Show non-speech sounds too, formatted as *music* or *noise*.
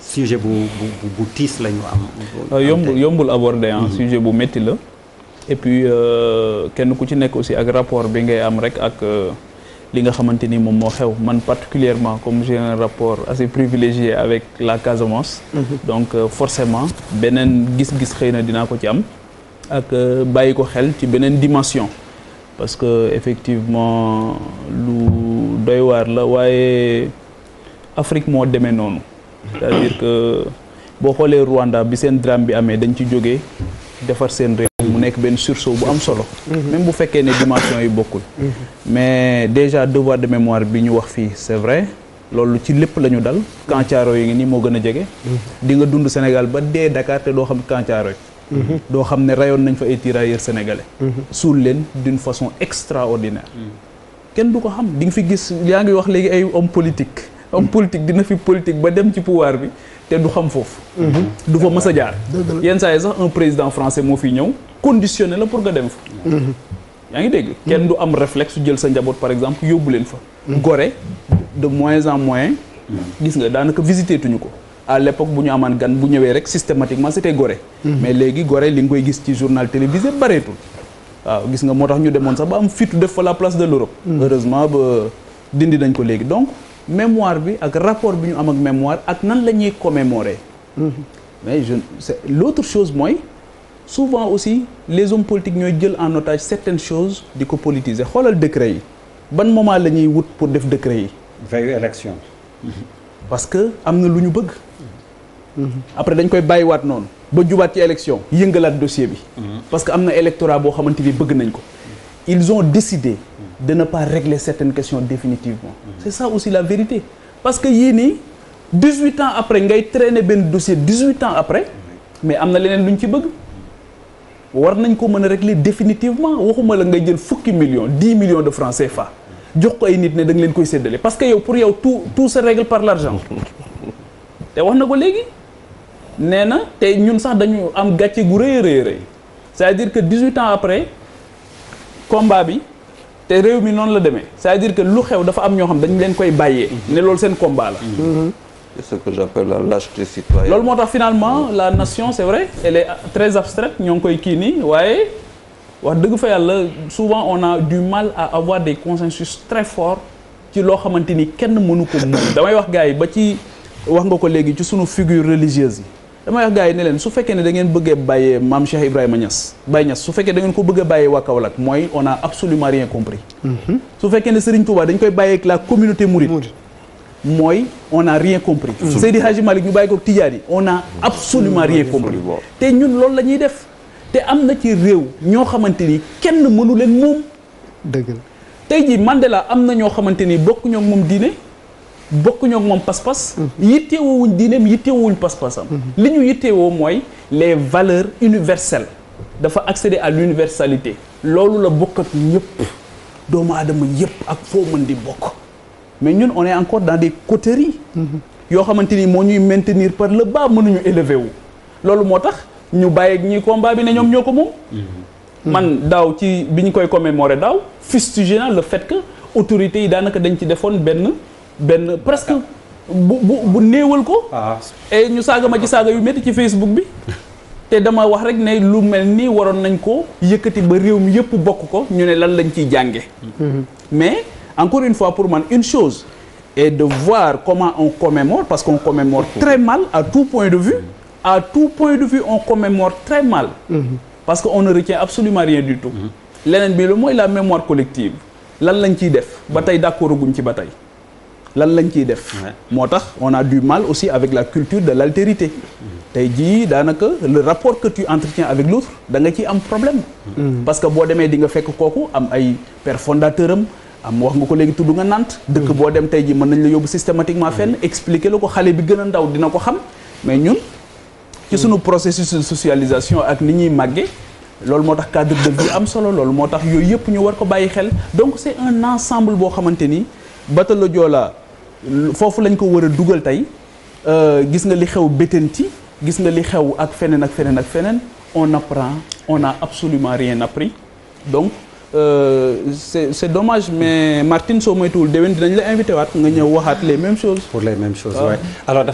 sujet bu bu bu tiis la euh, am. yombul yombul abordé ah. Mhm. sujet bu métti la. et puis euh, kenn ku ci nekk aussi ak rapport bi ngay am rek ak euh, li nga xamante ni moom moo xew man particulièrement comme j'ai un rapport assez privilégié avec la Casamance. Mhm. donc forcément beneen gis-gis xëy na dinaa ko ci am. ak bàyyi ko xel ci beneen dimension. parce que effectivement lu doy waar la waaye. Afrique moo demee noonu c'est-à-dire que boo xoolee Rwanda bi seen drame bi amee dañ ci jógee defar seen réew mu nekk benn sursaut bu am solo mhm. même bu fekkee ne dimension yi bokkul mhm. mais déjà devoir de mémoire bi ñu wax fii c'est vrai loolu ci lépp la ñu dal kancaaro yi ngi nii moo gën a jege mhm. di nga dund Sénégal ba dee Dakar te doo xam kancaaro yi doo xam ne rayoon nañ fa ay tirailleurs sénégalais suul leen d'une façon extraordinaire kenn du ko xam di nga fi gis yaa ngi wax léegi ay homme politique homme politique dina fi politique ba dem ci pouvoir bi te du xam foofu. Mhm. du fa mës a jaar. yenn saa yi sax un président français moo fi ñëw conditionné la pour nga dem fa. Mhm. yaa ngi dégg kenn du am réflexe jël sa njaboot par exemple yóbbu leen fa. Mhm. gore de moins en moins. gis nga daanaka visité ko. à l'époque bu ñu amaan gan bu ñëwee rek systématiquement c'était gore mais léegi Gorée li nga koy gis ci journal télévisé bareetul. waaw gis nga moo tax ñu demoon sax ba am fitu def fa la place de l'Europe. heureusement ba dindi nañ ko léegi donc. mémoire bi ak rapport bi ñu am ak mémoire ak nan la ñuy commémorer mais je c'est l'autre chose mooy souvent aussi les hommes politiques ñooy jël en otage certaines chose di ko politiser xoolal décret yi ban moment la ñuy wut pour def décret yi veille parce que am na lu ñu bëgg après dañ koy bàyyiwaat noonu ba jubaat ci élection yëngalaat dossier bi mhm. parce que am na électorat boo xamante ni bëgg nañ ko ils ont décidé de ne pas régler certaines questions définitivement. Mmh. c'est ça aussi la vérité parce que yii nii dix-huit ans après ngay traîner benn dossier dix-huit ans après mais am na leneen lu ñu ci bëgg war nañ ko mën a régler définitivement waxuma la ngay jël fukki million dix millions de francs CFA jox ko ay nit ne da leen koy séddale parce que yow pour yow tout tout se règle par l'argent te wax na ko léegi nee na te ñun sax dañu am gàcce gu rëy a rëy c'est-à-dire que dix-huit ans après combat bi. te réew mi noonu la demee c'est-à-dire que lu xew dafa am ñoo xam dañ leen koy bàyyee ne loolu seen combat la c'est ce que loolu moo tax finalement la nation c'est vrai elle est très abstraite ñoo ngi koy kii nii waaye wax dëgg fa yàlla souvent on a du mal à avoir des consensus très forts ci loo xamante ni kenn mënu ko moom damay wax gars yi ba ci wax nga ko léegi ci sunu figure religieuse yi damay wax gars yi ne leen su fekkee ne dangeen ngeen bëggee bàyyee maam Cheikh Ibrahima Niass Baye Niass su fekkee da ngeen ko bëgg a bàyyee waa Kaolack mooy on a absolument rien compris mhm. su fekkee ne Serigne Touba dañ koy bàyyeek la communauté mouride mooy on a rien compris Seydi Hadji Malick ñu bàyyi ko Tidiane yi on a absolument rien compris te ñun loolu la ñuy def te am na ci réew ñoo xamante ni kenn mënu leen moom dëgg la tey jii Mandela am na ñoo xamante ni bokk moom diine bokkuñu ak moom pas-pas. yittewoowuñ diineem yittewoowuñ pas-pasam. Mhm. li ñu yittewoo mooy les valeurs universelles dafa accéder à l'universalité loolu la bokk ak ñëpp doomu aadama yëpp ak foo mën di bokk mais ñun on est encore dans des coteries. Mhm. yoo xamante ni moo ñuy maintenir par le bas mënuñu élever wu. loolu moo tax ñu bàyyi ak ñi combat bi ne ñoom ñoo ko moom. Mhm. man daaw ci bi ñu koy commémorer daaw fustigé na le fet que autorités yi daanaka dañ ci defoon benn. benn presque bu bu néewal ko. Ah. et ñu saaga ma ci saaga yu métti ci Facebook bi. *laughs* te dama wax rek ne lu mel nii waroon nañ ko yëkkati ba réew mi yëpp bokk ko ñu ne lan lañ ciy jànge mhm. mais encore une fois pour man une chose est de voir comment on commémore parce qu'on commémore très mal à tout point de vue à tout point de vue on commémore très mal mhm. parce que on ne retient absolument rien du tout mhm. leneen bi la mooy la mémoire collective lan lañ ciy def ba tey d'accord guñ ci ba tey lan lañ ciy def moo tax on a du mal aussi avec la culture de l'altérité mm-hmm. tey jii daanaka le rapport que tu entretiens avec l'autre da nga am problème mm-hmm. parce que boo demee di nga fekk kooku am ay père fondateur am am wax nga ko léegi tudd nga nant mm-hmm. dëkk boo dem tey jii mën nañ la yóbbu systématiquement fenn expliquer la ko xale bi gën ndaw dina ko xam mais ñun ci sunu processus de socialisation ak ni ñuy màggee loolu moo tax cadre de vie am solo loolu moo tax yooyu yëpp ñu war ko bàyyi xel donc c'est un ensemble boo xamante ni Batalo Joola foofu lañ ko war a dugal tey euh, gis nga li xew bétanti gis nga li xew ak feneen ak feneen ak feneen on apprend on a absolument rien appris donc Euh, c'est c'est dommage mais Martine soo moytuwul déwén dinañ la invité waat nga ñëw waxaat les mêmes choses. pour les mêmes choses ah.